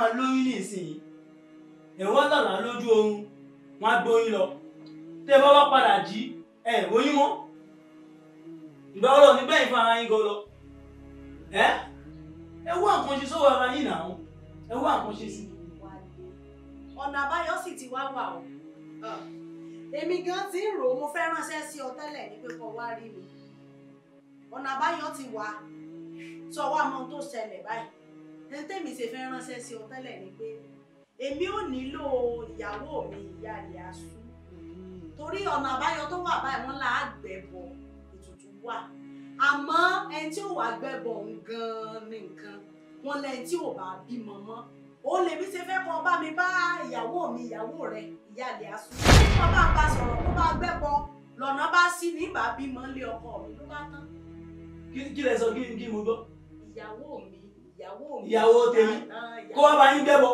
máa lóyún nísìnyí ẹ̀wọ́n lọ́la lójú oorun wọn á gbóyún lọ tẹ́ ẹ bá padà jí ẹ ìwóyún mọ́ ìgbà ọlọ́ nígbà yìí fún ara yín gan ẹ ẹ wá nǹkan ṣe sówó ara yín náà ẹ wá nǹkan ṣe sí. ọ̀nà àbáyọ sì ti wá wà o èmi gan ti ń rò ó mo fẹ́ ránṣẹ́ sí ọ tẹ́lẹ̀ ní pé wá rí mi ọ̀nà àbáyọ ti wà sọ wá mọ tó ṣẹlẹ̀ báyìí ẹni tẹ́mi ṣe fẹ́ ránṣẹ́ sí ọ tẹ́lẹ̀ ni pé èmi ò nílò ìyàwó mi ìyá ìyá sú hmm. torí ọ̀nà àbáyọ tó wà báyìí wọ́n là á gbẹ̀bọ̀ ètùtù wà àmọ́ ẹni tí ò wá gbẹ̀bọ̀ gan-an ní nǹkan wọn lẹ́yìn tí ò bá bímọ mọ́ ó lè bí ṣe fẹ́ kọ́ bá mi bá ìyàwó mi ìyàwó rẹ ìyá ìyá sú kí wọ́n bá bá sọ̀rọ̀ kó bá gbẹ̀bọ̀ lọ́nà bá sí ní ìbá bímọ lé ọkọ mi ló bá tán. kí lẹ sọ kí n kí mo gbọ́. ìyàwó mi ìyàwó tèmi ah, ah, kó wá bá yín gbẹ́bọ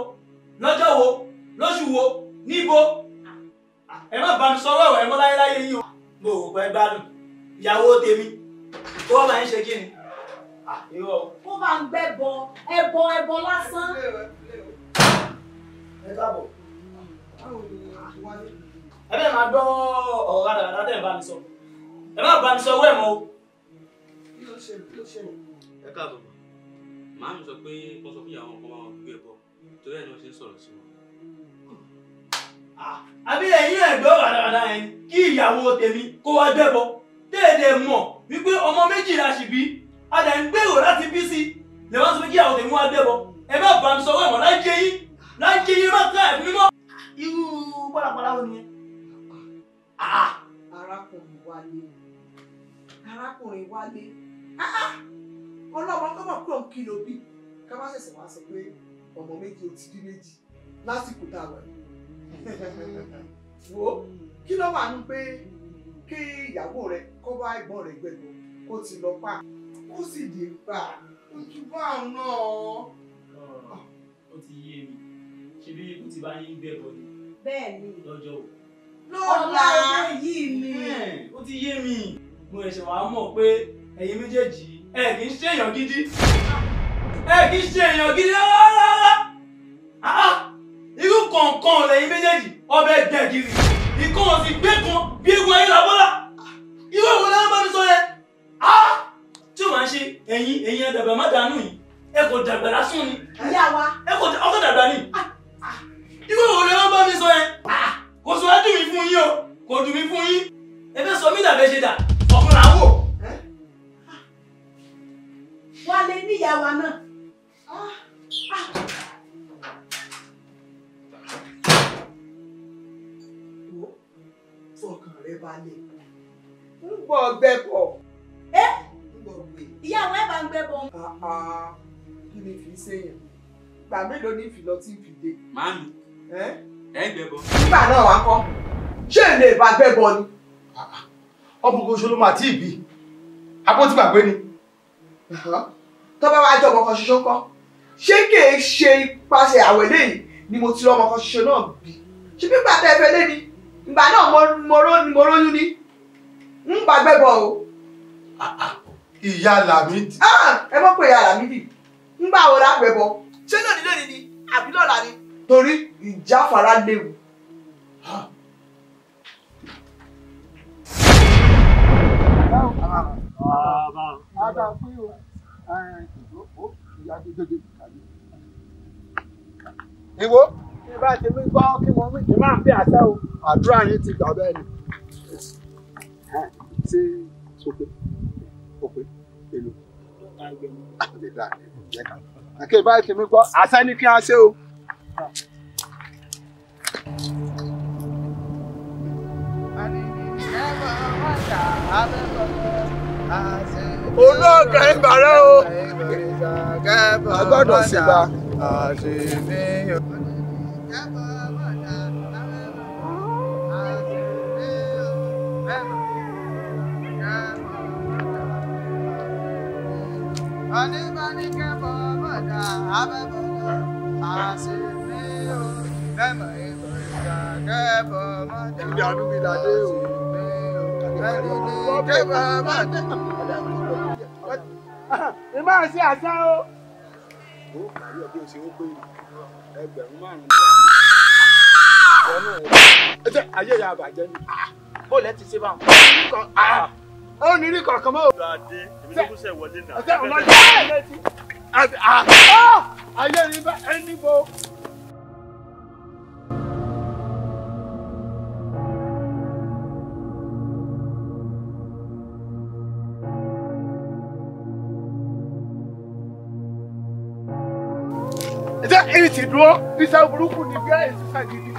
lọ́jọ́ wo lóṣù wo níbo ah. ẹ má bá mi sọ ọ̀rọ̀ ẹ mọ́ láyéláyé yín o mo rò pé gbádùn ìyàwó tèmi kó wá bá yín ṣe kí ni. kó bá ń gbẹ́bọ ẹbọ ẹbọ lásán. ẹ bẹ́ẹ̀ máa gbọ́ ọ̀rọ̀ rádaràdá tẹ̀ ń bá mi sọ ẹ má bá mi sọ owó ẹ̀ mọ́ o. ẹ káàbọ̀ màá mi sọ pé kó sọ fún ìyàwó kan máa gbé ẹbọ torí ẹ̀ ni wọ́n ṣe ń sọ̀rọ̀ sí wọn. Ah, àbí ẹ̀yin ẹ̀gbọ́n ràdàràdà yẹn kí ìyàwó tèmi kó wá gbẹ́bọ déédéé mọ̀ wípé ọmọ méjìlá sì bí a dẹ̀ ń gbèrò láti bí sí lè wá sọ pé kí ìyàwó tèmi wá gbẹ́bọ ẹ má bá mi sọ wọ́n ìmọ̀ láì jẹ́ yín láì yín má ká ẹ̀ mọ́. irú pálapàla wo nìyẹn. Ah, arákùnrin wálé arákùnrin wálé. Ah, ọlọ́mọ tó mọ̀ pé òun kí ló bí ká má ṣẹ̀ṣẹ̀ wá sọ pé ọmọ méjì ó ti bí méjì lásìkò tá a wà wo kí ló wà ní pé kí ìyàwó rẹ kó bá ẹ̀gbọ́n rẹ gbẹgbọ kó ti lọ pa ó sì dé pa ojú bá òun náà. ó ti yé mi ṣe bí ikú ti bá yín gbẹbọ ni. bẹ́ẹ̀ ni o. lọ́la ọ̀la yìí ni. ó ti yé mi mo ẹ̀ṣẹ̀ wàá mọ̀ pé ẹ̀yin méjèèjì ẹ kì í ṣe èèyàn gidi ẹ kì í ṣe èèyàn gidi rárá rárá ah, ah. irú kọ̀ọ̀kan lẹ́yìn méjèèjì ọbẹ̀ gbẹ̀gìrì ìkan ọ̀sìn gbé kan bí egun ayé làbọ́lá irú àwọn ọ̀la bá mi sọ yẹn ah, tí o máa ń ṣe ẹ̀yin ẹ̀yin ẹ̀dàgbà má dànù yìí ẹ kò dàgbà lásán ni ìyá wa ẹ kò ọkọ̀ dàgbà ni irú àwọn ọ̀la bá mi sọ yẹn kò sọ wá dùn mí fún yín o kò dùn mí fún yín ẹ fẹ́ sọ mí dàbẹ́ ṣe dà. ìgbà mélòó ní ìfìlọ tí ì fi dé. màámi ẹ ẹ gbẹbọ. nígbà náà wàá kọ ṣé èlé ìbá gbẹbọ ni. Ah, ọmọkùnrin oṣù ló máa tí ì bí abọ́tí gbàgbé ni. tọ́ba wa jọ ọmọkan ṣoṣo kọ́ ṣé kèé ṣe ipasẹ̀ àwẹ̀lẹ́ yìí ni mo ti rọ ọmọkan ṣoṣo náà bí ṣé pípa tẹ ẹ fẹ́ lé ni ìgbà náà mo róyún ni ń gbàgbẹ́bọ o ah, ah, ìyá làmídì. ẹ mọ̀ pé ìyá làmídì ń bá wo lápẹ̀bọ ṣé lónìí lónìí ni àbí lọ́la ni. torí ìjáfara léwu. ìwọ ìbá tèmi gbọ́ kí wọ́n mú ìmọ̀ àbí àṣẹ o àdúrà yín ti gbà bẹ́ẹ̀ ni ṣe sókè òpè èlò àkè báyìí tèmi gbọ́ àṣẹ ni kí n ṣe o. olóògbé ìbàrẹ o a gbọ́dọ̀ sígbà. Ani bani kebo àgbàdà abẹ́bọ̀dà you o lẹ́mọ̀ ìbò ìdàgẹ́bọ̀ mọ́tò ìdí àdúgbìládé o ẹni ní kébà mọ́tò. ìmọ̀ sí àṣà o. ó kàrí ọdún ṣe ó pé Ah! ayé ni bá ẹni bo. ìṣèdúró iṣẹ́ burúkú ni bí àìsísà gidi.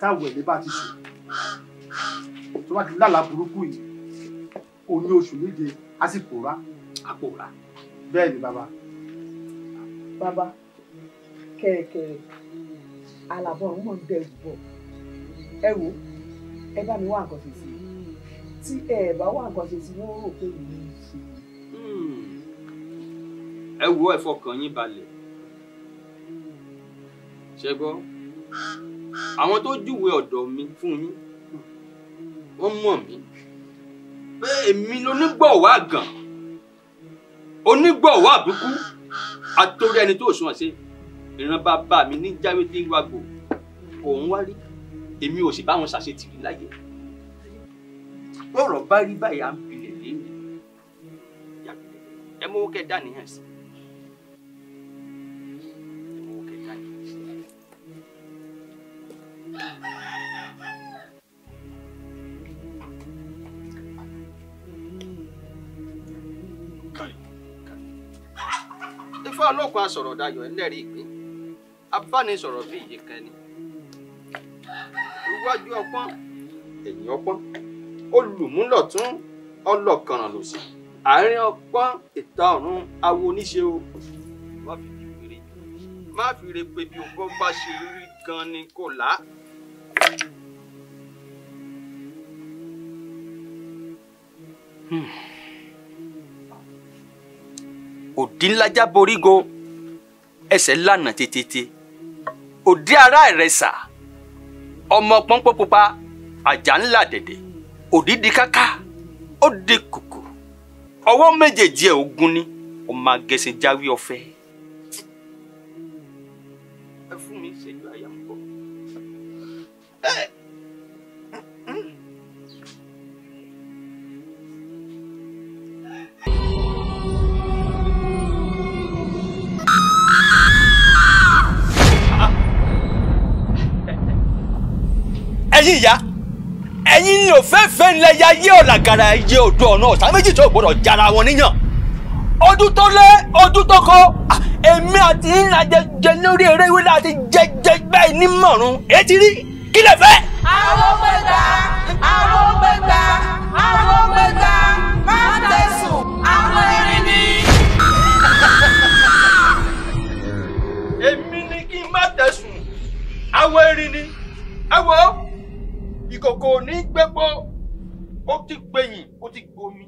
táwọn ẹ̀mí bá ti sùn tó bá ti lálàá burúkú yìí oyún oṣù méje á sì pòórá. á pòórá. bẹ́ẹ̀ ni bàbá. bàbá kẹ̀kẹ̀rẹ̀ alàbọ̀ ọ̀hún mọ̀ ń dẹrù bọ̀ ẹ wo ẹ bá mi wá nǹkan ṣe sí tí ẹ bá wá nǹkan ṣe sí wọ́n rò pé mi ní í ṣe. Hmm. ẹ wo ẹ fọkàn yín balẹ̀ ṣẹ́gbọ́n àwọn tó júwe ọ̀dọ̀ mi fún yín wọ́n mọ̀ mí pé èmi lónígbọ̀wọ́ àgàn onígbọ̀wọ́ àbíkú àtòrí ẹni tó sùn ọ̀sẹ̀ ìran bàbá mi ní jáwé tí ń wàgò òun wá rí èmi ò sì bá wọn ṣàṣetìrì láyé bọ́rọ̀ bá rí báyìí à ń bilẹ̀ lé ẹ mú kẹ́ dání hàn sí i. ifá ọlọ́pàá sọ̀rọ̀ dayọ̀ ẹlẹ́rìí ìpín abánisọ̀rọ̀ bíi ìyíkẹ́ni iwájú ọpọ́n ẹ̀yìn ọpọ́n olùmúlọ̀tún ọlọ́kànràn lòsì àárín ọpọ́n ìta ọ̀run awo oníṣe o má fi rè pé bí o bá ṣe rí gan ni kò láà. Hmm. òdì ńlájà borígo ẹsẹ̀ lànà tètè òdì ara rẹ̀ sà ọmọ pọ́npọ́n pupa àjà ńlá dẹ̀dẹ̀ òdì di káká ó di kùkù ọwọ́ méjèèjì ẹ̀ ogun ni ọmọ agẹṣin jáwé ọ̀fẹ́. ẹ̀yin ìyá ẹ̀yin ni òfẹ́fẹ́ ńlẹ̀ ya yé ọ̀làgàrà ẹ̀yẹ odò ọ̀nà ọ̀tá méjì tó gbọdọ̀ jara wọn níyàn ọdún tó lé ọdún tó kọ ah, èmi àti ńlá jẹjẹ lórí eré wíwá àti jẹjẹ bẹ́ẹ̀ ní mọ̀rún etí rí kí lè fẹ́. àwọn gbẹgbà àwọn gbẹgbà àwọn gbẹgbà máa tẹ̀sùn àwọn erin ni. èmi ni kí n má tẹ̀sùn àwọn erin ni ẹ wo ìkòkò ní gbẹ́pọ̀ ó ti gbẹ̀yìn ó ti gbomi.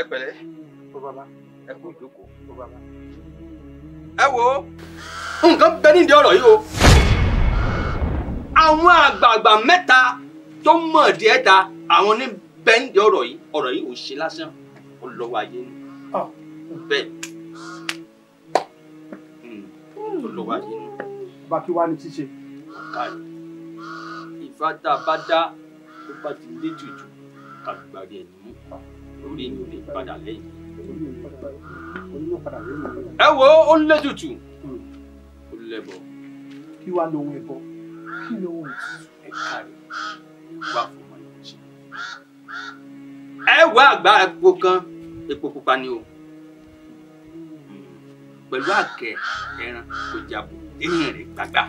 ẹ pẹ̀lẹ́ ẹ kú ìjókòó ẹ wò ó nǹkan bẹ nídìí ọ̀rọ̀ yìí o àwọn àgbààgbà mẹ́ta tó mọ̀ díẹ̀ ta àwọn ní bẹ́ nídìí ọ̀rọ̀ yìí ọ̀rọ̀ yìí ò ṣe lásán ó lọ́wọ́ ayé ni ah. bẹ́ẹ̀ hmm. ó lọ́wọ́ ayé ni. bá kí wá ní ṣíṣe. ìfá bá dá ló bá ti lé jùjù kàdùgbà rẹ̀ nínú lórí mi ò lè padà lẹ́yìn ẹ wo ó létùtù ó lẹbọ. kí wàá lóhun ẹbọ kí lóhun ẹka rẹ wà fún ọmọ yìí ṣe. ẹ wá àgbá epo kan epo pupa ni o pẹ̀lú àkẹ́ ẹran kò jàbù lẹ́yìn rẹ̀ gbàgbà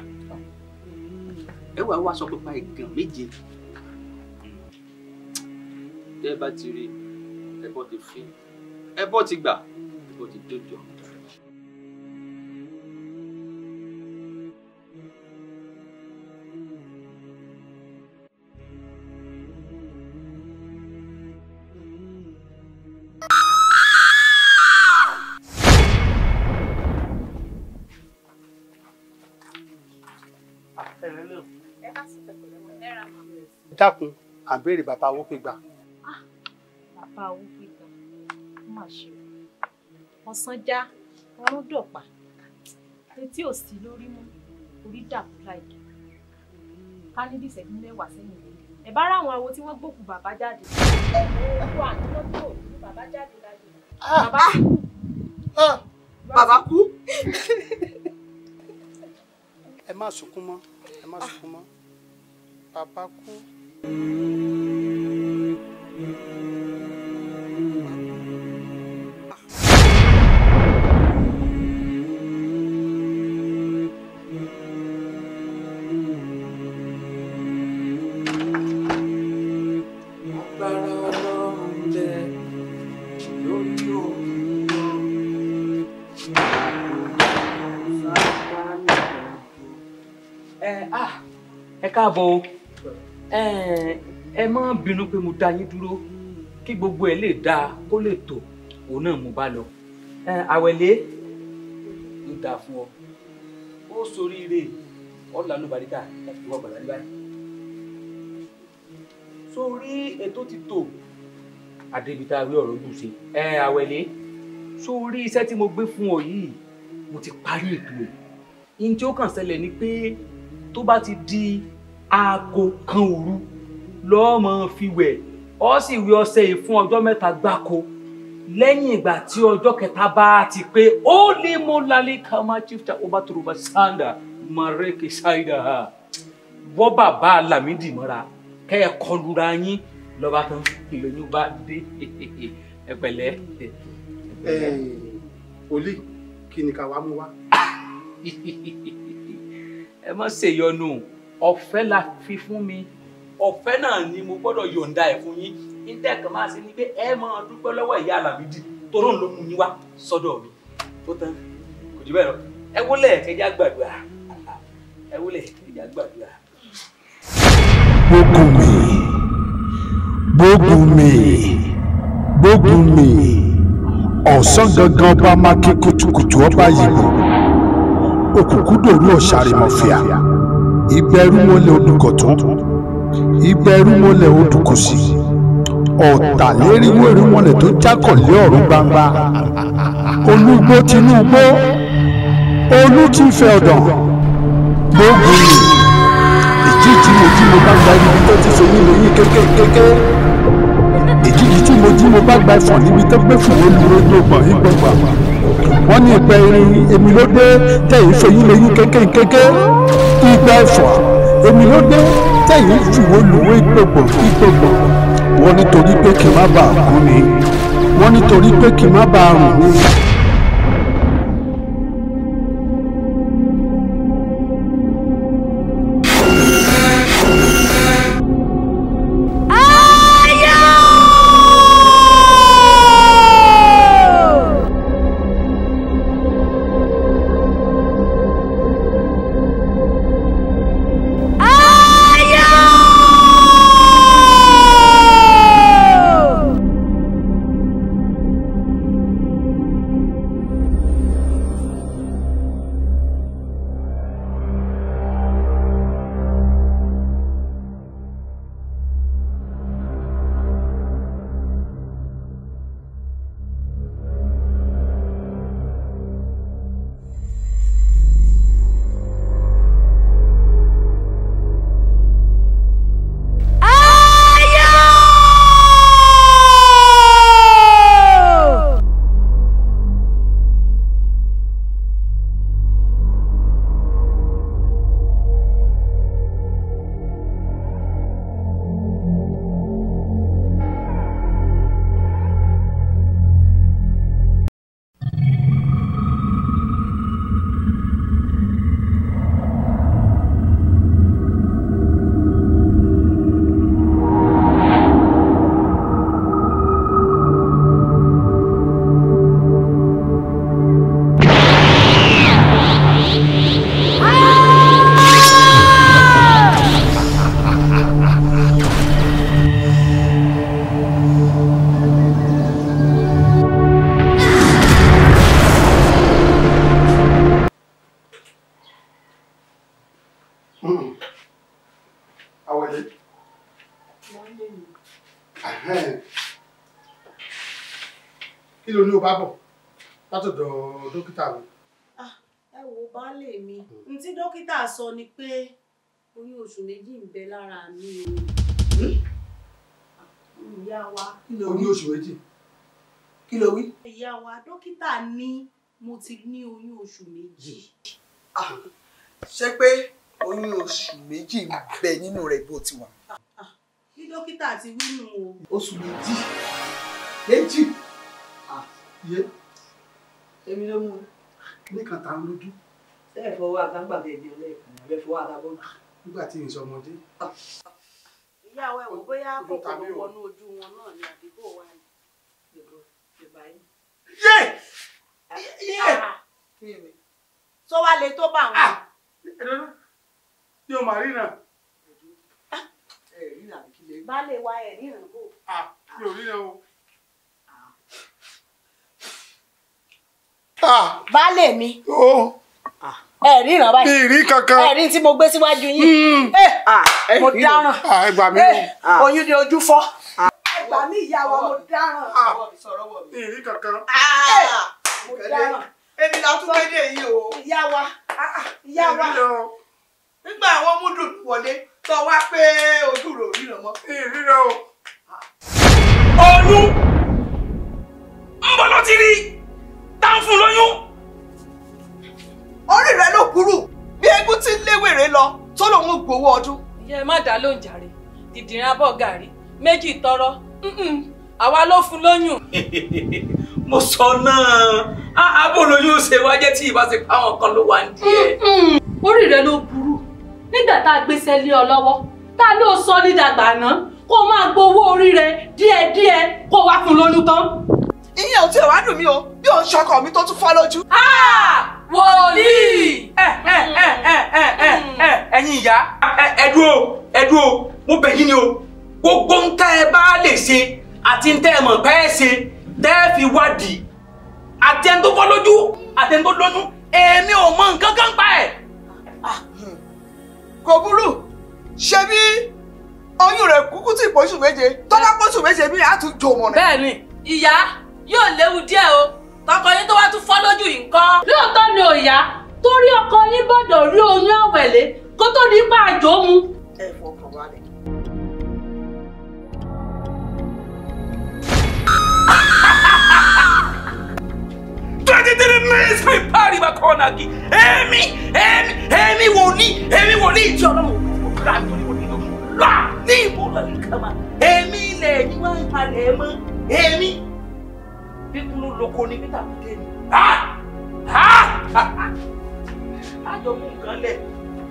ẹ wàá wá aṣọ pupa ìgàn méje tẹ́ bá ti rí ẹbọ ti fi ẹ bọ́ ti gbà ó ti dójọ́. dákun à ń béèrè bàbá owó pé gbà. Ah, bàbá owó mà ṣe ọ̀sán já ọrún dọ̀pà etí ò sí lórí mú orí dàbò láìdá ká ní bí ìṣẹ́jú mẹ́wàá sẹ́yìn ẹ̀ bá ráwọn awo tí wọ́n gbókùn bàbá jáde ọkọ àti lọ́jọ́ òkú bàbá jáde láyé ah! bàbá kú. Ah! bàbá kú. ẹ má sunkún mọ́ ẹ má sunkún mọ́ bàbá kú. káàbọ̀ o ẹ má bínú pé mo dá yín dúró kí gbogbo ẹ lè dáa kó lè tò òun náà mo bá lọ àwẹ̀lé ló dáa fún ọ ó soríire ọ̀là ló bá díkà láti fi wá gbàdá ní báyìí sórí ètò ti tò àdébítà rí ọ̀rọ̀ gùn sí ẹ àwẹ̀lé sórí iṣẹ́ tí mo gbé fún ọ yìí mo ti parí ètò ẹ̀ ní tí ó kàn ṣẹlẹ̀ ni pé tó bá ti di aago kan òru lọ́mọ fi wẹ̀ ọ sì wẹ ọṣẹ yìí fún ọjọ́ mẹ́ta gbáko lẹ́yìn ìgbà tí ọjọ́ kẹta bá ti pé ó lè mú lálẹ́ ká máa chifta ọba tòròba sanda mareke saida bọ́ bàbá Lámídì mọ́ra kẹ́ kọlura yín lọ́ba tán lóyún bá dé ẹ olè kí ni ká wàá mú wá. ẹ má ṣèyọnu ọ̀fẹ́ la fi fún mi ọ̀fẹ́ náà ni mo gbọ́dọ̀ yọ̀ǹda ẹ̀ fún yín níta ẹ̀kan máa ṣe ni pé ẹ máa dúpẹ́ lọ́wọ́ ìyá Àlàmídì toró ló mú yín wá sọ́dọ̀ mi tó tán kò jù bẹ́ẹ̀ lọ ẹ wúlẹ̀ kẹjá gbàdúrà ẹ wúlẹ̀ kẹjá gbàdúrà. gbógun mi gbógun mi gbógun mi ọ̀sán gangan ọba máa ké kutukutu ọba yìí òkùnkùn dòru ọ̀sàrìmọ̀fìà ìgbẹ́rùmọ́lẹ̀ odùkọ̀tún ìgbẹ́rùmọ́lẹ̀ odùkọ̀sí ọ̀tàléríwó ìrúmọ̀lẹ̀ tó jákọ̀lé ọ̀run gbangba olúgbó tinúgbó olútìfẹ́ ọ̀dàn gbogbo èjì tí mo jí mo bá gba ibi tó ti ṣe nílò yín kékékéké èjì tí mo jí mo bá gba ẹ̀fọ̀n níbi tó gbé fún olùrò tó gbọ̀n yín gbọ̀ngbà wọ́n ní ìpẹ́ irin èmi ló dé tẹ̀yìn fẹ́yìn lẹ́yìn kékékéké igba ẹ̀fà èmi ló dé tẹ̀yìn fìwé lùwé ìgbògbò ìgbògbò wọ́n nítorí pé kí n má bàa kú ni wọ́n nítorí pé kí n má bàa rùn ni. oṣù méjì ń bẹ lára mi o. ìyá wa kí ló wí oṣù méjì kí ló wí. ìyá wa dókítà ní mo ti ní oyún oṣù méjì. Ah, ṣé pé oyún oṣù méjì ń bẹ nínú rẹ bó ti wà. bí ah, dókítà ti wí nù o. oṣù méjì méjì ah, yé èmi ló mú un. ní kàtà ń lójú. ṣé ẹ̀fọ́ wa àtàgbàdé ẹ̀jẹ̀ lẹ́ẹ̀kan ẹ̀fọ́ wa àtàgbọ́n nígbà tí n sọmọdé. ìyáwó ẹ̀wọ̀n bóyá kòkòrò wọnú ojú wọn náà ni àdúgbò wa ni yorùbá yìí. yé yé tó ah, ah, wá le tó bá wọn. yóò ah! máa rí náà. baálé wa ẹ̀ ní ìrànbó. yóò rí náà o. baálé mi. Oh! ẹ rí ìrànwá yìí ìrí kankan ẹ rí tí mo gbé síwájú yín hmm. ẹ mo dáràn ẹ gbà mí oyún ni ojú fọ́ ẹ gbà mí ìyá wa mo dáràn ìrí kankan mo dáràn èmi la tún kéde yìí o ìyá wa ìyá wa nígbà àwọn múdù wọlé tó wá pé ojú rò ríran mọ. ìríra o. olú ń bọ́ ló ti rí tá ń fún lóyún orí rẹ ló kúrú bí eégún tí ń léwèrè lọ tó lòun gbowó ọdún. ìyá ẹ má dá lóun jàre dìdìrín abọ́ gàrí méjì tọrọ àwa ló fún lóyún. mo sọ náà abo lóyún ṣe wá jẹ́ tí ìbá ṣe pàwọn kan ló wà nídìí ẹ̀. orí rẹ ló burú nígbà tá a gbéṣẹ́ lé ọ lọ́wọ́ tá a ló sọ ní dàgbà náà kó máa gbowó orí rẹ díẹ̀díẹ̀ kó wá fún lóyún tán. ìyẹn ò tí ì wá dùn mí o bí òun ṣọkọ mi tó tún fọ́ lójú. Ah! kíá. ẹ dúró ẹ dúró mo bẹ̀ yín ni o gbogbo ń tẹ́ ẹ bá lè ṣe àti ń tẹ́ ẹ mọ̀ pé ẹ ṣe tẹ́ ẹ fi wádìí àti ẹni tó fọ́ lójú àti ẹni tó lójú èmi ò mọ nǹkan kan pa ẹ̀. Ah, hmm. kò burú ṣe bí oyún rẹ̀ kúkú tí ìpọ́ṣù méje tó bá pọ́ṣù méje bí a tún jò mọ̀ rẹ̀. bẹ́ẹ̀ni ìyá yóò léwu díẹ̀ o tọkọ yín tó wá tún fọ́ lójú yìí ń kọ́. lóòótọ́ ni òòyà torí ọkọ yín gbọ́dọ̀ rí oyún ọ̀wẹ̀lé kó tó di pa àjò mu. ẹ fọkàn balẹ̀. twenty three minutes prepare ìbá kọ́nà kí ẹ̀mí ẹ̀mí ẹ̀mí wòlíì ẹ̀mí wòlíì ìjọ ọlọ́run òkúta mi wòlíì wòlíì lọ lọ ní ìbò lọ́ọ̀lì kama ẹ̀mí ilẹ̀ ẹ̀mí wá ń palẹ̀ ẹ̀ mọ́ ẹ̀mí bíkúnú lóko ní pété àbúté ni. àjọ mú nǹkan lẹ̀.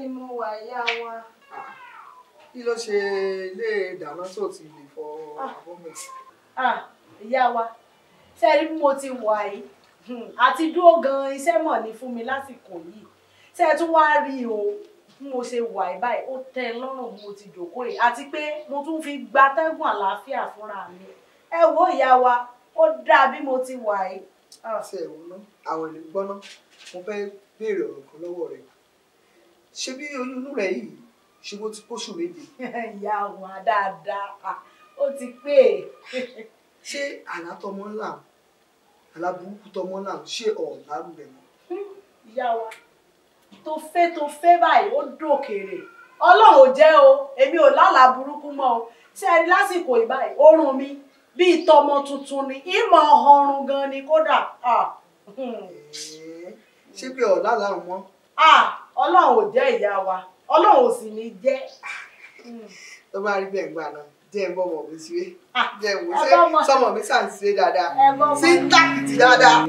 ìmọ̀ wà yá wa. kí ló ṣe lè dáná tó ti lè fọ àbọ̀mọ̀ ah. ẹ̀. Ah, ìyá wa ṣe rí bí mo ti wà yìí àti hmm, dúró gan-an iṣẹ́ mọ̀ ni fún mi lásìkò yìí ṣe tún wá rí o bí mo ṣe wà yìí báyìí ó tẹ́ ẹ lọ́rùn bí mo ti jókòó yìí àti pé mo tún fi gbatẹ́gùn àlàáfíà fúnra mi ẹ wo ìyá wa ó dáa bí mo ti wà yìí. ṣe ìwọ náà àwọn ìlú gbọ́ná mo fẹ́ béèrè ọ̀rọ̀ kan lọ́wọ́ rẹ̀ ṣe bí oyún inú rẹ yìí ṣe bó ti kóṣù méje. ìyá wọn dáadáa ah, ó ti pé. ṣé àlá tọmọ ńlá àlá burúkú tọmọ ńlá ṣé ọ̀ọ́lárù rẹ mọ́. ìyá wa tó fẹ́ tó fẹ́ báyìí ó dòkèrè ọlọ́run jẹ́ o èmi ò lálàá burúkú mọ́ o ṣé ẹni lásìkò ìbáyìí oorun mi bíi tọmọ tuntun ni ìmọ̀ ọrùn gan ni kódà. Ah, hmm. ṣé pé ọ̀la làwọn ọlọ́run ò jẹ́ ìyá wa ọlọ́run ò sì ní jẹ́. tó bá rí bẹ́ẹ̀ gbà náà jẹ́ ẹ̀gbọ́n mọ̀ mi síwé ah, jẹ́ ẹ̀wò ṣé sọmọ mi sàn síwé dáadáa sí tákìtì dáadáa.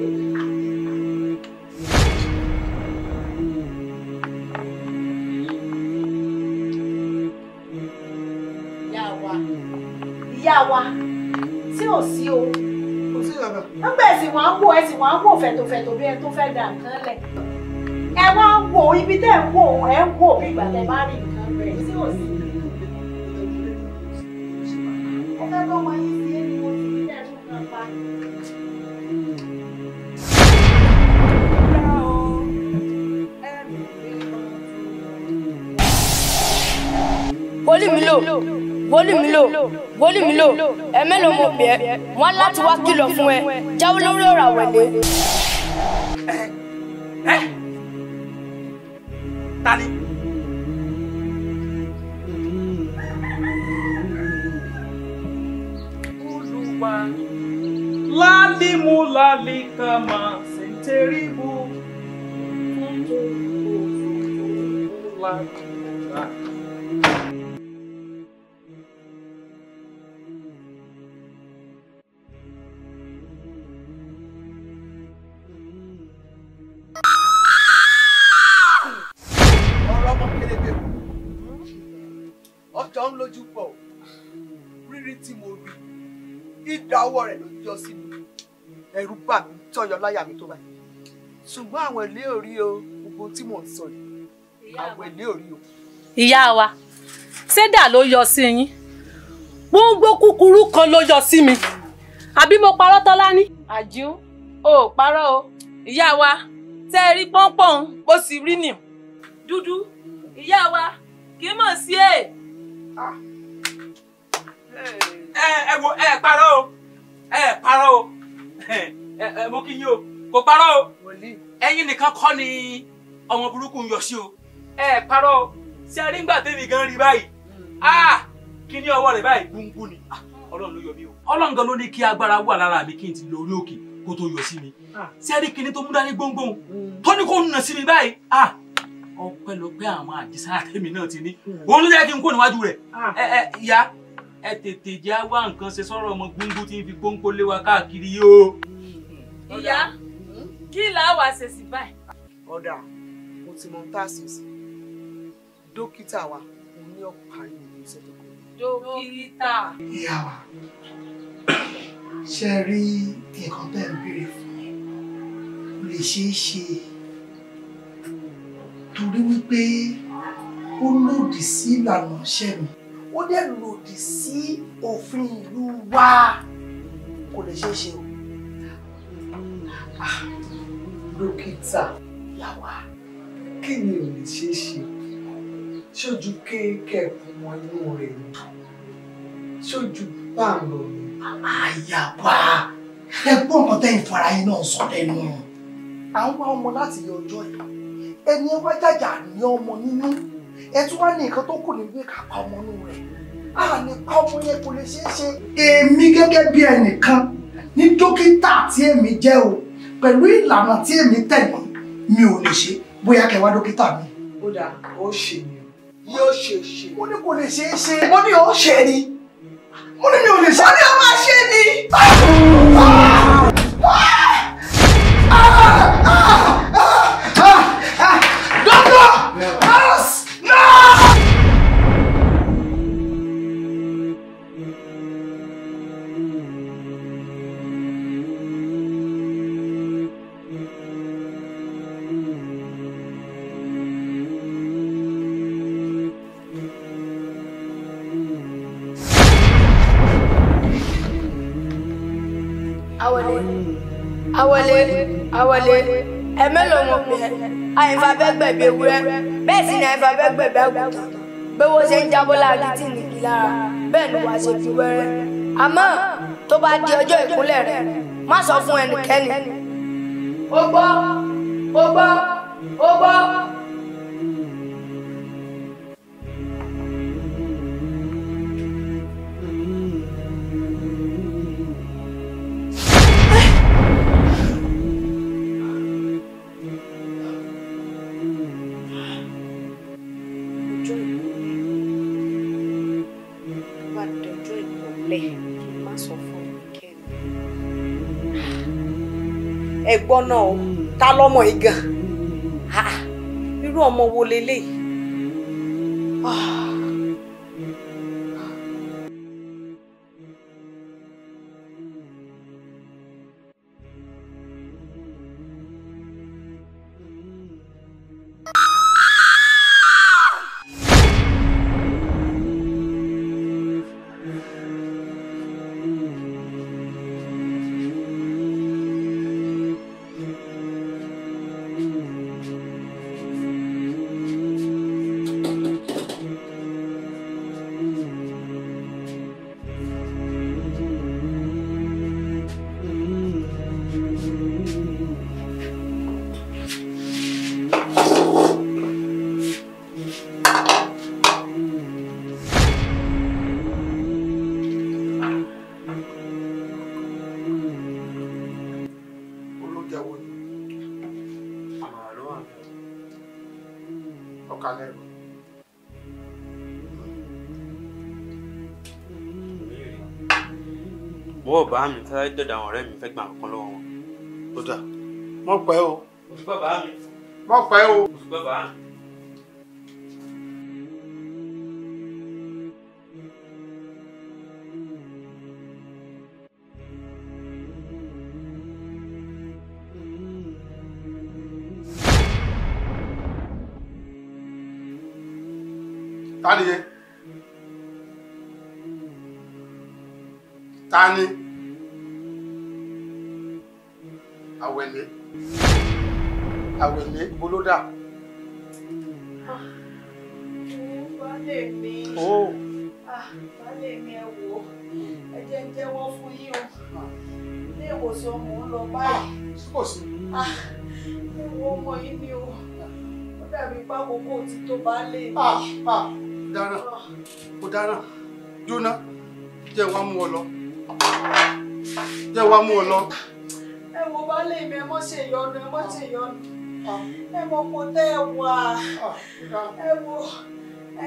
ìyá wa tí ò sí o. kò sí ìyàwó. nígbà ẹ̀sìn wàá ń wò ẹ̀sìn wàá ń wò fẹ̀tòfẹ̀tò bí ẹni tó fẹ́ dà nǹkan lẹ̀ ẹ wá wò ibi tẹ́ ẹ̀ wò ẹ̀ wò bí ìgbà tẹ́ bá rí nǹkan rẹ̀ sí òsì. ẹ fẹ́ bọ́ wọn yín sí ẹni mo ti rí ẹ̀sùn kan pa. wọ́lì mi lò wọ́lì mi lò wọ́lì mi lò ẹ mélòó mo bẹ̀ ẹ́ wọ́n láti wá kìlọ̀ fún ẹ jáwé lórí ọ̀rọ̀ àwẹ̀lé tani. olùwà lálímú lálíkàmà ṣèǹtẹ̀rìbù fún òfin òfin òfin láti. ọwọ́ rẹ̀ ló yọ sí mi ẹ̀rù bà mí tọ̀yọ̀ láyà mi tó báyìí ṣùgbọ́n àwọn èlé ò rí o gbogbo tí mò ń sọ yìí àwọn èlé ò o. ìyá wa ṣédà ló yọ sí yín gbogbo kúkúrú kan ló yọ sí mi àbí mo parọ́ tọ́lá ní. àjíǹ o ò parọ́ o ìyá wa tẹ́ ẹ rí pọ́npọ́n bó sì rí nì dúdú ìyá wa kì í mọ̀ sí ẹ̀. Ah. ẹ ẹ wo ẹ parọ́ o ẹ parọ́ o ẹ mo kí yín o kò parọ́ o ẹ̀yin nìkan kọ́ ni ọmọ burúkú ń yọ sí o ẹ parọ́ o ṣé ẹ rí ń gbà tẹ́mi gan rí báyìí hmm. ah kí ni ọwọ́ rẹ̀ báyìí gbúngbún ni ah, ọlọ́run ló yọ mí o ọlọ́run gan ló ní kí agbára wà lára mi kí n ti lọ orí òkè kó tó yọ sí mi ah. ṣé ẹ rí kinní tó mú dání gbóngbóng hmm. tó ní kó nà sí mi báyìí ah ọpẹ́lọpẹ́ àwọn àjísára tèmi náà ti ní hmm. òun ló jẹ́ kí n kó níwájú rẹ̀ ah. ẹ ẹ ìyá ẹ tètè jẹ́ wá nǹkan ṣe sọ̀rọ̀ ọmọ gbóngbó tí ń fi gbóngbó lé wa káàkiri yìí o. ìyá kí là á wá ṣe sí báyìí. ọ̀dà mo ti mọ tá a sí dókítà wa mo ní ọ̀pá ìlú iṣẹ́ tó kọ. dókítà. ìyá wa ṣe rí nǹkan bẹ́ẹ̀ ń béèrè fún mi lè ṣeé ṣe torí wípé ó lòdì sí ìlànà iṣẹ́ ó dẹ̀ lòdì sí òfin ìlú wa kò lè ṣeé ṣe o. Ah, dókítà làwà kí ni ò lè ṣeé ṣe ṣojú kéékèèkún wọn inú rẹ̀ ni ṣojú báńgò ni. àyà ah, wa ẹgbọ́n kan tẹ́yìn fara yín náà sọ lẹ́nu. à ń wá ọmọ láti yọ yìí ẹni ẹ jàjà ní ọmọ nínú ẹ tún wá ní nǹkan tó kù níbi kápá ọmọ inú rẹ̀ a ní pa ọmọ yẹn kò lè ṣeé ṣe. èmi gẹ́gẹ́ bí ẹnìkan ní dókítà tí èmi jẹ́ o pẹ̀lú ìlànà tí èmi tẹ̀lé mi ò lè ṣe bóyá kẹwàá dókítà mi. ó dà ó ṣe ni o yóò ṣe ṣe. mo ní kò lè ṣeé ṣe. mo ní ó ṣe ni mo ní mi ò lè ṣe. mo ní ó máa ṣe ni. Ah! Ah! awọlé awọlé ẹ mélòó mo pè é àyìnfà fẹ́ gbẹ̀bẹ̀ ewúrẹ́ bẹ́ẹ̀ sì ni àyìnfà fẹ́ gbẹ̀bẹ̀ àgùntàn bí owó ṣe ń jábọ́ láàgì tì nìkí lára bẹ́ẹ̀ ni wàá ṣe fi wẹ́rẹ́ àmọ́ tó bá di ọjọ́ ìkúnlẹ̀ rẹ má sọ fún ẹnikẹ́ni. ó gbọ́ ó gbọ́ ó gbọ́. gbọ́ náà o ta lọ́mọ yìí gan irú ọmọ wo leléyìí. Ah. bọ̀ bá mi fẹ́ dọ̀dọ̀ àwọn ọ̀rẹ́ mi fẹ́ gbà kankan lọ́wọ́ wọn. ó dà mọ̀ pẹ́ o. òṣùpá bá mi. mọ̀ pẹ́ o. òṣùpá bá mi. ta ni yẹn àwẹ̀lé mo ló ah, mi baálé ah, mi ẹ wò ó hmm. ẹ jẹ́ ń jẹ́wọ́ fún yín o ah. ilé ìwòsàn mò ń lọ báyìí. kò wo ọmọ yìí ni o ó dàbí pákókó ti tó baálé mi. dáná ó dáná jóná jẹ́ wàá mú ọ lọ jẹ́ wàá mú ọ lọ. ẹ wo baálé mi ẹ mọ́ ṣe ìyọnu ẹ mọ́ ṣe ìyọnu ẹ mọ kó tẹ́ ẹ wà ah, ẹ wo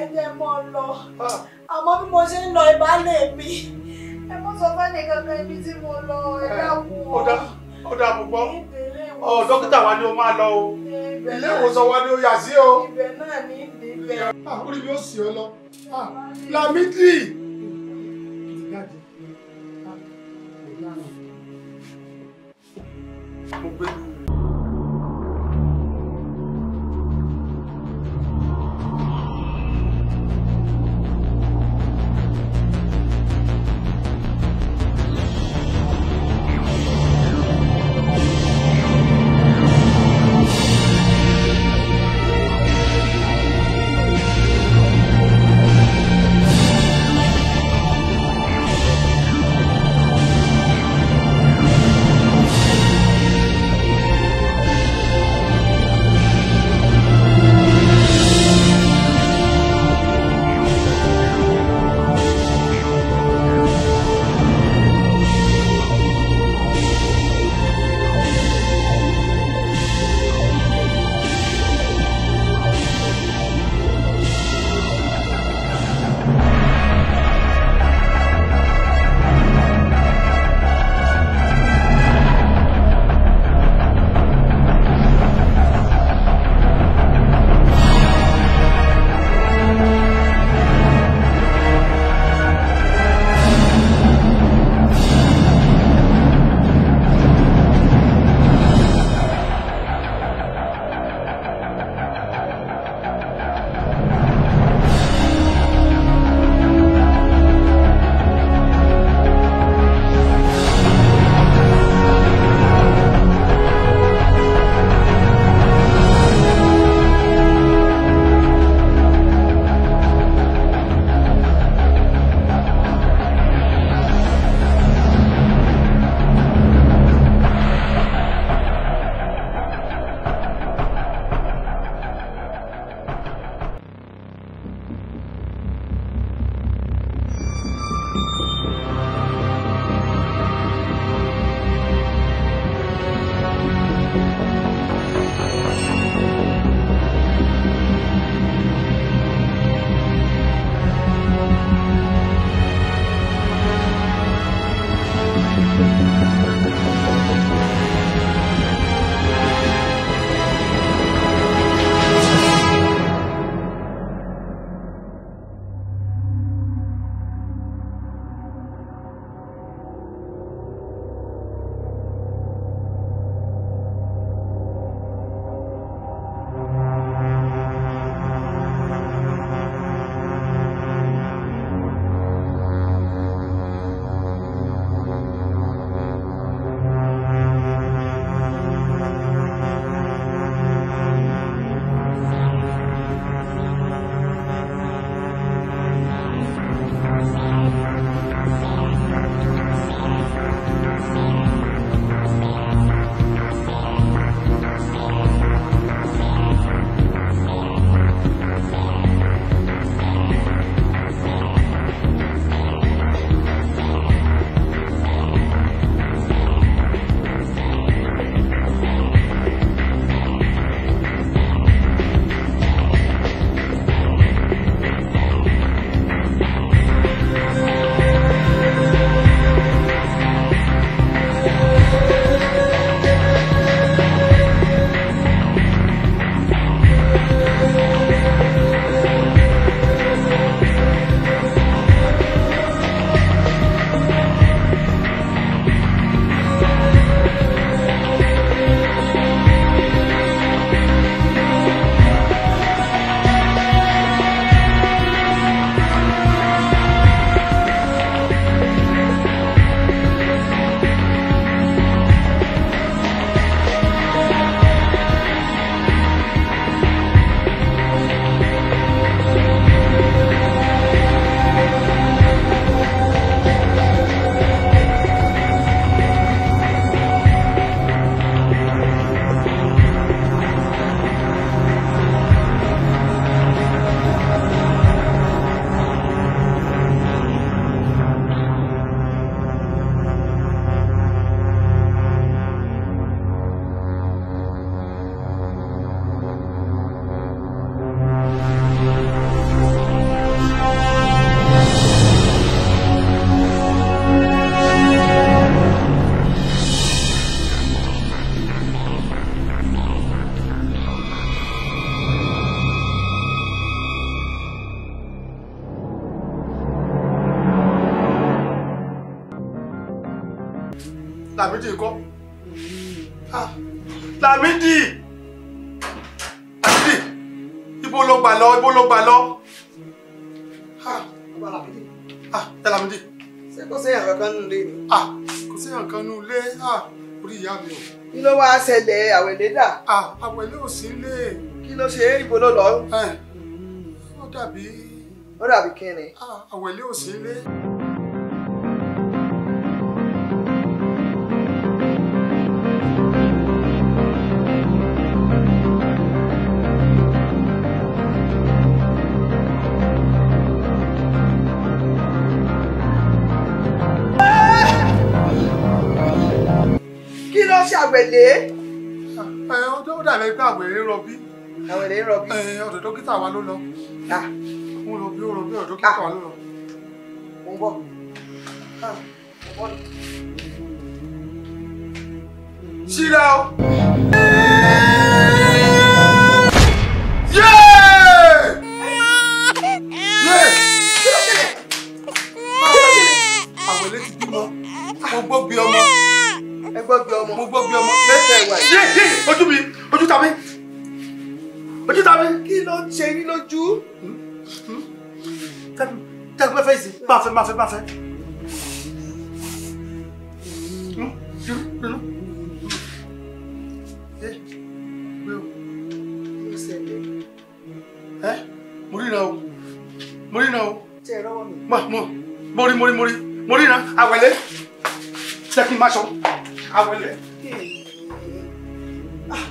ẹ jẹ́ mọ́ lọ ah. àmọ́ bí mo ṣe ń lọ ìbálẹ̀ mi ẹ mọ́ sọ fẹ́ni kankan ibi tí mo lọ ẹ eh, dákun ọ. ó dà púpọ̀ ọ dókítà wa ni o máa lọ o ilé ìwòsàn wa ni o yà sí o. ibẹ̀ náà ní ìdílé. orí mi ò sí ọ lọ ah, Lamidi. mo Lámídì kọ́ Lámídì Lámídì ibo ló gbà lọ ibo ló gbà lọ. ẹ Lámídì. ṣé kò séèyàn kankan nù lé ni. kò séèyàn kan nù lé orí ìyá mi o. kí ló wá ṣẹlẹ̀ àwẹ̀lé dà. àwẹ̀lé ò sí lé. kí ló ṣe ibo ló lọ. ó dàbí. ó dàbí kí ni. àwẹ̀lé ò sí lé. wèrè. ẹ ọjọ́ ó dàbẹ̀ pé àwèrè ń rọbí. àwèrè ń rọbí. ẹ ọ̀dọ̀ dókítà wa ló lọ. ó rọbí ó rọbí ọ̀dọ̀ dókítà wa ló lọ. mo ń bọ̀. ṣíra o. Mo gbọ́ gbé ọmọ ẹ gbọ́gbé ọmọ mo gbọ́gbé ọmọ lẹ́sẹ̀ ìwà yìí. yé yé ojú mi ojú ta mi ojú ta mi. kí ló ń ṣe yín na hmm? eh, eh, o na o mo mo mo rí mo rí mo na àwẹ̀lẹ́ ṣẹ́kí máa ṣọ́ awẹlẹ. Ah,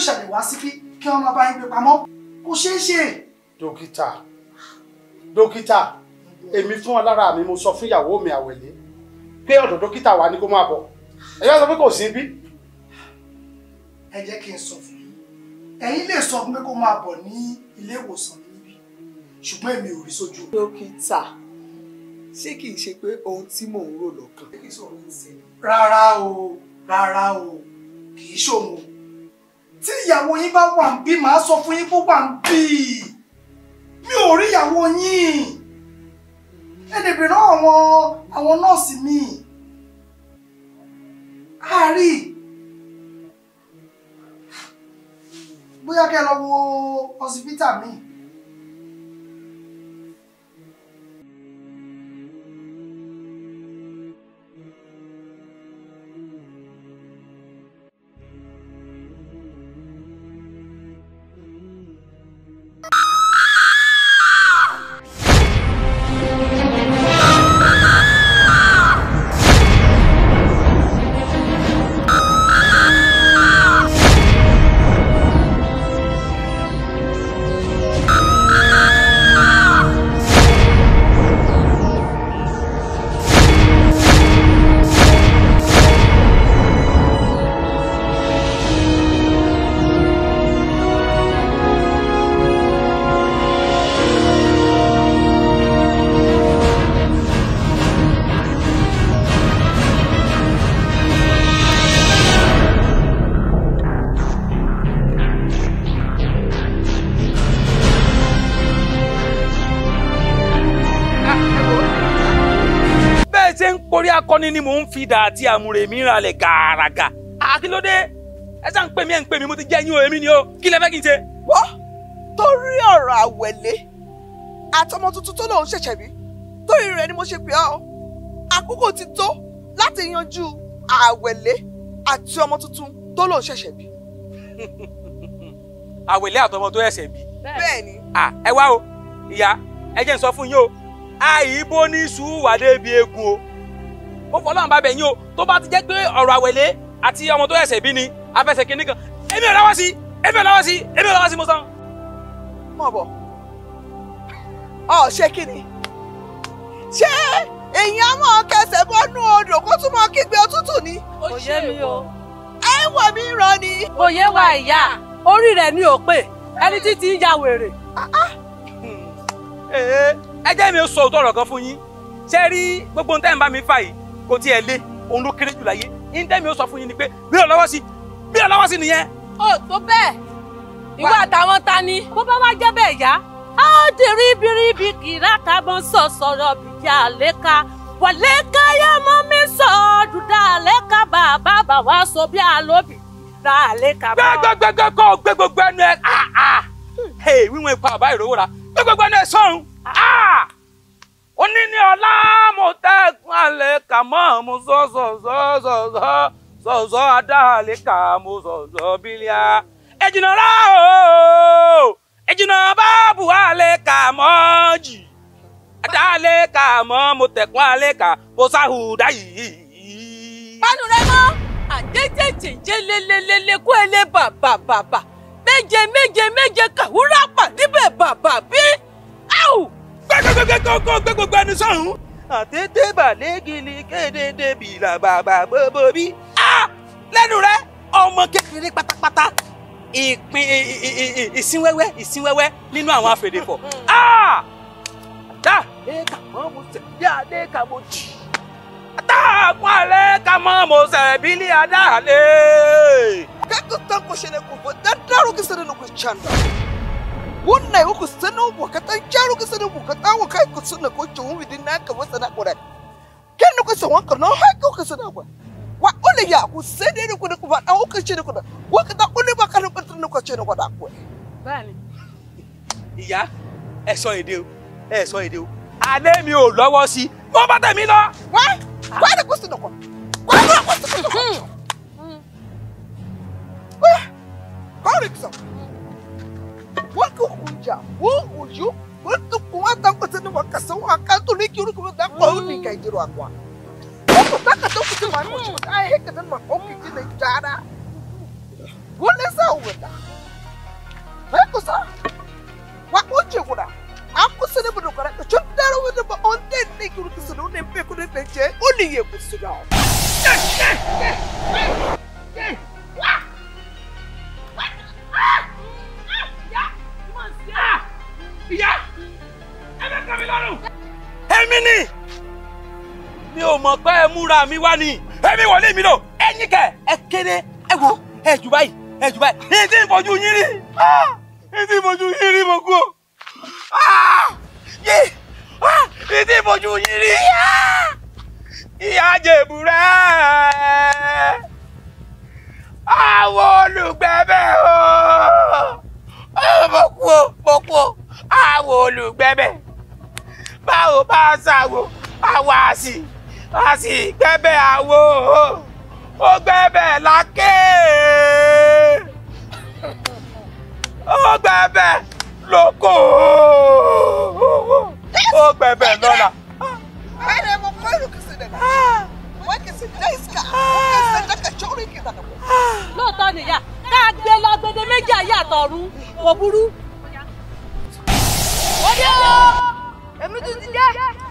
ìṣẹ̀lẹ̀ wá síbí kí wọ́n máa bá yín gbé pamọ́ kò ṣeé ṣe. dókítà dókítà èmi fún ọ lára mi mo sọ fún ìyàwó mi àwẹ̀lé pé ọ̀dọ̀ dókítà wa ni kó máa bọ̀ ẹ̀yọ́ sọ pé kò sí bí. ẹ jẹ́ kí n sọ fún yín ẹ̀yin lè sọ fún pé kó máa bọ̀ ní ilé ìwòsàn níbí ṣùgbọ́n èmi ò rí sójú. dókítà ṣé kìí ṣe pé ohun tí mò ń rò lọ́kàn. rárá o rárá o kì í ṣòwò tí ìyàwó yín bá wà ń bí màá sọ fún yín pé wà ń bí mi ò rí ìyàwó yín ẹ lè bèrè náà àwọn àwọn nọ́ọ̀sì mi àárí bóyá kẹ́ lọ wo ọsibítà míì. fìdá àti àmúre mi ralẹ̀ gàràgà àkílódé ẹ sá ń pè mí ẹ ń pè mí mo ti jẹ́ yín o èmi ni o kí lẹ fẹ́ kí n ṣe. wọ́n torí ọ̀rọ̀ àwẹ̀lé àtọmọ tuntun tó lòun ṣẹ̀ṣẹ̀ bí torí rẹ̀ ni mo ṣe pè ọ́ àkókò ti tó láti yanjú àwẹ̀lé àti ọmọ tuntun tó lòun ṣẹ̀ṣẹ̀ bí. àwẹ̀lé àtọmọ tó ẹ̀ṣẹ̀ bí. bẹ́ẹ̀ni. ẹ wá o ìyá ẹ jẹ́ n sọ fún yín o àìbó ní sùúrù wà débi egun o mo fọlọ́run bá bẹ̀ yín o tó bá ti jẹ́ pé ọ̀rọ̀ àwẹ̀lé àti ọmọ tó ẹ̀sẹ̀ bí ni afẹsẹ̀ kìíní kan èmi ò lọ́wọ́ sí èmi ò lọ́wọ́ sí èmi ò lọ́wọ́ sí mo sàn. mọ̀ bọ̀ ọ ṣé kí ni ṣé èèyàn mọ̀ kẹsẹ̀ bọ́nú odò kó tún mọ́ kígbe òtútù ni. kò mi o. ẹ wọ mi ràn ni. kò yé wa ìyá orí rẹ ni ò pè ẹni títí ń ya wèrè. Hmm. ẹ jẹ́ mi sọ òótọ́ ọ̀rọ̀ kan fún yín ṣé rí gbogbo ohun tẹ́ ń bá mi fà yìí kò tiẹ̀ lé òun ló kéré jù láyé ndẹ́mi ó sọ fún yín ni pé bí ọ lọ́wọ́ sí bí ọ lọ́wọ́ sí nìyẹn. ó tó bẹ́ẹ̀ ìwé àtàwọn ta ni bó bá wá jẹ́ bẹ́ẹ̀ yá a ó di ríbiríbi kìláta mọ́ sọ̀sọ̀rọ̀ bìyà lẹ́ka wàlẹ́ka yá mọ́ mi sọ dùdà lẹ́ka bàbá bàwá sọ bí alóbì dà lẹ́ka bá. gbẹgbẹgbẹ kọ gbẹ ẹnu ẹ ah ah wíwọn ipa àbá ìrówó ra gbẹ gbogbo ẹnu ẹ sọrun ah. ah ó ní ní ọlá mọ̀tẹ́kùn alẹ́ kà mọ́ mo sọ sọ sọ sọ sọ sọ sọ adáàlẹ́ kà mo sọ sọ bílíà ẹ̀jìnà rà ó ẹ̀jìnà báàbù alẹ́ kà mọ́ jì adáàlẹ́ kà mọ́ mọ̀tẹ́kùn alẹ́ kà mo sáhùdá yìí. pálù rẹ mọ àdéjèjèjé lélelele kó ẹlẹ bàbàbàbà méje méje méje kàwúrà pàdébẹ bàbà bí gbẹgbẹgbẹgbẹgbẹ gbẹgbẹgbẹ ẹni sọ̀hún. àtẹ̀tẹ̀ bàlẹ́gìlì kédèdè bìlà bàbà gbogbo bí. lẹ́nu rẹ ọmọ kékeré pátápátá ìpín ìsínwẹ́wẹ́ ìsínwẹ́wẹ́ nínú àwọn afèdèfọ̀. dá ẹ̀ka mọ́ mo tẹ̀ bí adé ka mo jì. táàkùn alẹ́ ka mọ́ mo sẹ̀ bí ní adá alẹ́. kẹ́kọ̀ọ́ tán kò ṣẹlẹ̀ kò fọ́ dáadáa rògbòsẹ̀rẹ̀ ló kò ṣàǹdà wannan uku sanu bu ka tan jaru ka sanu bu ka tawo kai ku sunu ko ci wuri din naka wasa na kura ken ku san wanka no ha ku ka sanu ku wa ole ya ku sai dai ku da ku ba dan ku ci da ku da ku ka ta ku ne ba ka ku tun ku ci da ku da ku ba ni ìyá ẹ sọ èdè o ẹ sọ èdè o alẹ́ mi ò lọ́wọ́ sí mo bá tẹ̀mí lọ. wá wá ní kó sínú kọ wá ní kó sínú kọ. kọ́ ọ̀rẹ́ sọ waka hunja wo hunju wata kuma ta kusa ni waka sau a kanto ne ki ruku da ko ni kai jiro akwa ko ta ka to kusa mai mutu mm. ai he ka dan ma ko ki ne tara wala sa wata kai kusa wa ko ce guda an kusa ne budu kare tun daro wani ba on den ne ki ruku ye kusa ga Yes, ìyá ẹ fẹ́ kàn mí lọ́rùn. èmi ni mi ò mọ̀ pé ẹ múra mi wá ni èmi wọlé mi lò ẹ̀yin kẹ ẹ kéré ẹ wo ẹ jù báyìí ẹ jù báyìí ní ti ìfojú yín rí ah! ní ti ìfojú yín rí mo kú o ah! Ah! ní ti ìfojú yín rí ìyá jèbúrẹ́ àwọn olùgbẹ́bẹ̀ o mo kú o mo kú o àwọn olùgbẹ́bẹ̀ báwo bá ṣàwò àwa àṣì àṣì gbẹ́bẹ̀ àwo ó gbẹ́bẹ̀ lákè ó gbẹ́bẹ̀ lóko ó gbẹ́bẹ̀ lọ́la. Lóòótọ́ nìyá ká gbé lọ méjì ayé àtọ̀run kò burú òde o èmi tún ti dé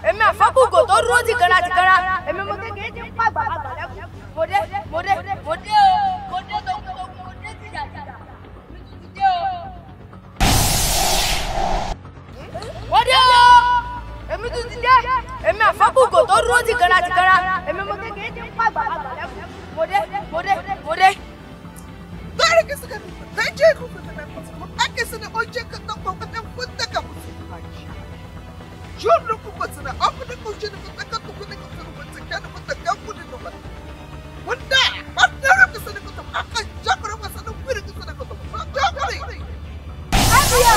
èmi àfọkùgò tó dúró tìkara tìkara èmi mo kékeré ti ń pa àgbàlagbà lẹ́kùn mo dé mo dé mo dé o mo dé tó kú tó kú mo dé tìjà tìjà èmi tún ti dé o. òde o èmi tún ti dé άκεσαι να όχι κατόπω κατέ ούτε καμπούτσι χάκι. Γιόρνο που πατσέρα, άκου να κοτσένε κατά κάτω που να κοτσένε πατσεκάνε που τα κάμπουν είναι νομά. Οντά, αντέρα που σαν κοτό, άκα τζάκρο που σαν πήρε και σαν κοτό. Τζάκρο! Άντια!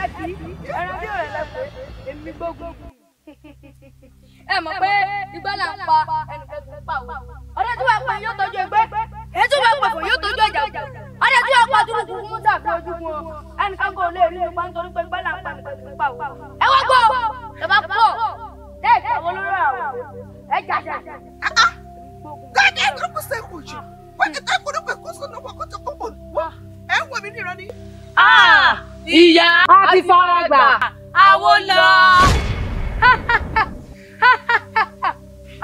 Adi, ẹran tí ò rẹ̀ lẹ́kọ̀ọ́, èmi gbógun. Ẹ mọ̀ pé ìgbọ́là ń pa ẹnìkan tó pa òun. Ọ̀rẹ́ tí wàá pa yóò tọ́jú ẹgbẹ́ pa dúró kúrú mú dàbí ojú wọn ẹnìkan kò lè rí ipa nítorí pé gbọ́dọ̀ pa nípa nípa o. ẹ wá gbọ́ ìjọba pọ̀ dé ìjọba olóró àwọ̀ ẹ jàjà. gáàdì ẹ kúrú sẹ kù jù wọn kì í tẹkùn nípa ìkóso náà kò tó kó wọn ẹ ń wọ mi ní ìrọ́lẹ́. Ah, ìyá a ti fara gbà àwo lọ.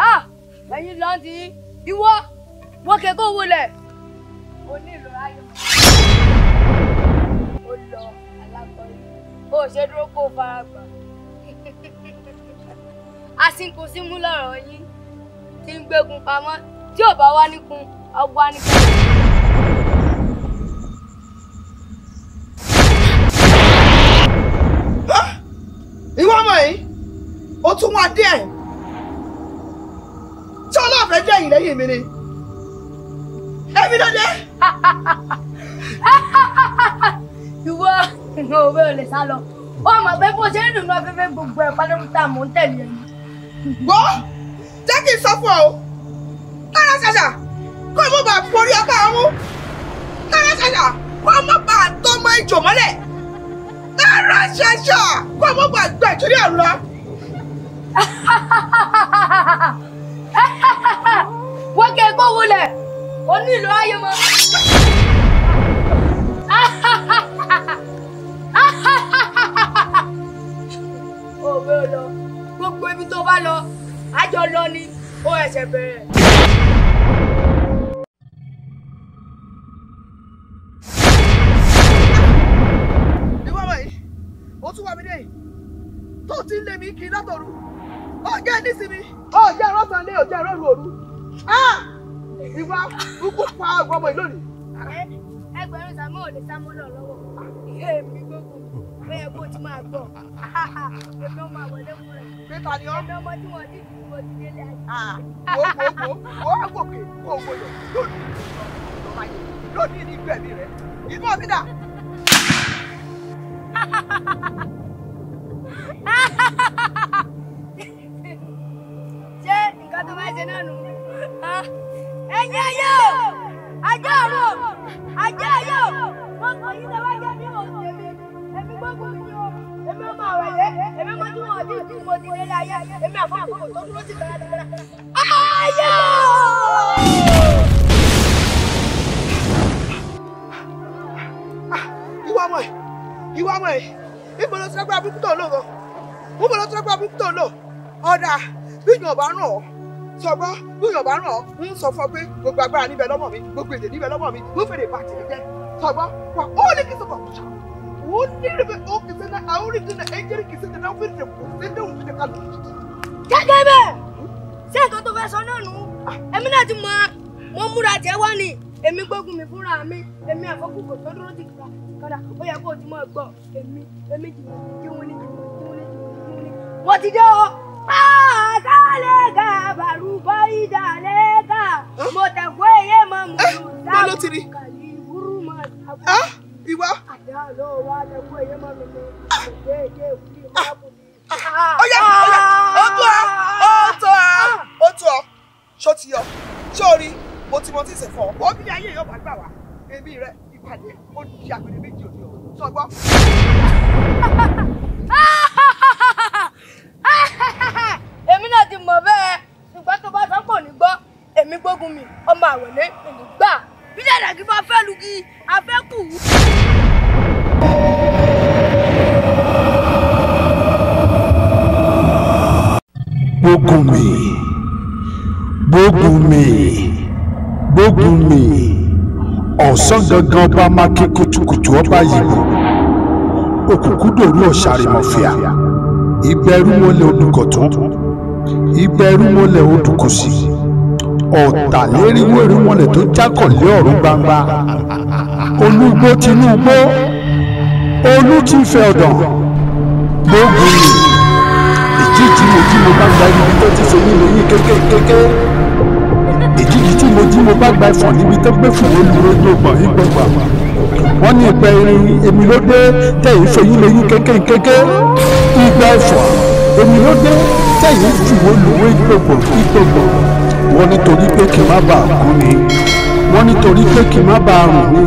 Ah, ẹ̀yin lọ́ndì ìwọ wọ́n kẹ́kọ̀ọ́ wọlé. onílò ayọ̀ lọ alákọ̀ọ́lẹ̀ ó ṣe dúró kó fara gbà asínkunsímú lọ̀rọ̀ yín tí ń gbégun pamọ́ tí ò bá wá níkun ọgbà níkun. ìwọ ọmọ yìí ó tún wá díẹ̀ tí ọlọ́ọ̀fẹ́ jẹ́ ìlẹ́yìn mi ni ẹ̀mí ló dé. ìwọ òwe ò lè sá lọ ó mọ̀ pé bó ṣe ń dùn ní afẹ́fẹ́ gbogbo ẹ̀ pátápátá mò ń tẹ̀lé ẹni. gbọ́ jẹ́ kí n sọ fún ọ o lára ṣàṣà kó o mọ̀ forí ọkọ ọmú lára ṣàṣà kó o mọ̀ bá tọmọ ìjò mọ́lẹ̀ lára ṣàṣà kó o mọ̀ bá ìtúrí ọ̀run lọ. wọ́n kẹ́ kó wulẹ̀ onílù ayé mọ́ òwe ò lọ gbogbo ibi tó bá lọ àjọ lọ ni ó ẹsẹ̀ bẹ̀rẹ̀. ó tún wà mí dé tó ti ń ah! ìwà ikú pa ọgbọ́n ìlónìí ẹgbẹ̀rún sàmú ò lè sá mọ́lọ̀ lọ́wọ́ èmi gbogbo bẹ́ẹ̀ kó tí máa gbọ́ èmi ọmọ àwọlé mú rẹ̀ pété ni ọ́ èmi ọmọ tí wọ́n ti dì mo ti délé ayé. wo wo wo wo gòkè wo wo lọ lónìí lónìí ní gbẹ̀mí rẹ̀ inú ọ̀mí dà. ṣé nǹkan tó máa ṣe náà nù ẹ̀yin ẹ̀yọ́ ajé ọ̀rọ̀ ajé ayé o wọn kàn yín lọ́wọ́ jẹ́ bí òun tèmi èmi gbógun mi o èmi ọmọ àwẹ̀lé èmi ọmọ tí wọn ọdún tí mo ti lé láyé èmi àkókò tó dúró sí gbàràdàgbàrà. ayé o. ìwà ọmọ yìí ìwà ọmọ yìí ìbò ló tẹ́gbà búkútọ̀ lò gan ìbò ló tẹ́gbà búkútọ̀ lò ọ̀dà bí ìjọba ràn ọ́ sọgbọ́ bóyọ̀ bá ràn ọ́ ń sọ fún ọ pé gbogbo agbára níbẹ̀ lọ́mọ mi gbogbo èdè níbẹ̀ lọ́mọ mi ló fèrè bá tèmi jẹ́ sọgbọ́ wà ó lè kí sọgbọ́ kùsà ó ní rẹ̀ ó kì í sẹ́dá àwọn oríṣi náà ẹ̀jẹ̀ rẹ̀ kì í sẹ́dá náà fèrè rẹ̀ kò sẹ́dá òun fèrè kálù. gẹ́gẹ́ bẹ́ẹ̀ ṣé nǹkan tó fẹ́ sọ náà nù ẹ̀mí náà ti mọ mo múra jẹ́ wá ni èmi gbógun mi fúnra mi èmi àfọkùnkùn tó dúró ti kàdà ó yẹ kó o ti mọ gbọ́ èmi èmi jìnnà kí wọn ní jìnnà kí wọn ní kí wọn ní. wọ́n ti dé o. pàṣẹ lè ga baruba idaleka mọtẹkọ eye ma mulu dábùkàlì ìwúrú ma dábùkàlì. ìwà. àdá ló wà tẹkọ eye ma mímu kéèké wuli dábùkàlì. ọyá ọyá ó tó ọ ó tó ọ ó tó ọ ṣó ti yọ ṣó rí mo ti mọ tí ì sè fọ ọ bí ayé yóò bá gbà wá èmi rẹ ìpàdé ó di àgbèrè méjì òde ọ sọgbọ. fún mi ọmọ àwẹ̀lé ìlúgbà bí dàdàgí bá fẹ́ lugi afẹ́kù. Bógunmi Bógunmi Bógunmi ọ̀sán gangan bá má ké kutukutu ọba yìí òkùnkùn dòru ọ̀sàrìmọ̀fìà ìbẹ̀rù mọ́lẹ̀ odùkọ̀tún ìbẹ̀rù mọ́lẹ̀ odùkọ̀sí ọ̀tàléríwó ìrúnmọ̀lẹ̀ tó jákọ̀lé ọ̀run gbangba olúgbó tinúgbó olútìfẹ́ ọ̀dàn gbógun ni èjì mo jí mo bá gba ibi tó ti ṣe mí lóyún kékékéké èjì tí mo jí mo bá gba ẹfọ̀n níbi tó gbé fún mi lójú ọgbọ̀n wọ́n ní ìgbà irin èmi ló dé tẹ̀yìn fẹ́yìn lóyún kékékéké ìgbà ẹfọ̀n èmi ló dé tẹ̀yìn fìwé lùwé ìgbògbò ìgbògbò wọ́n nítorí pé kí n má bàa kú ni wọ́n nítorí pé kí má bàa rùn ni.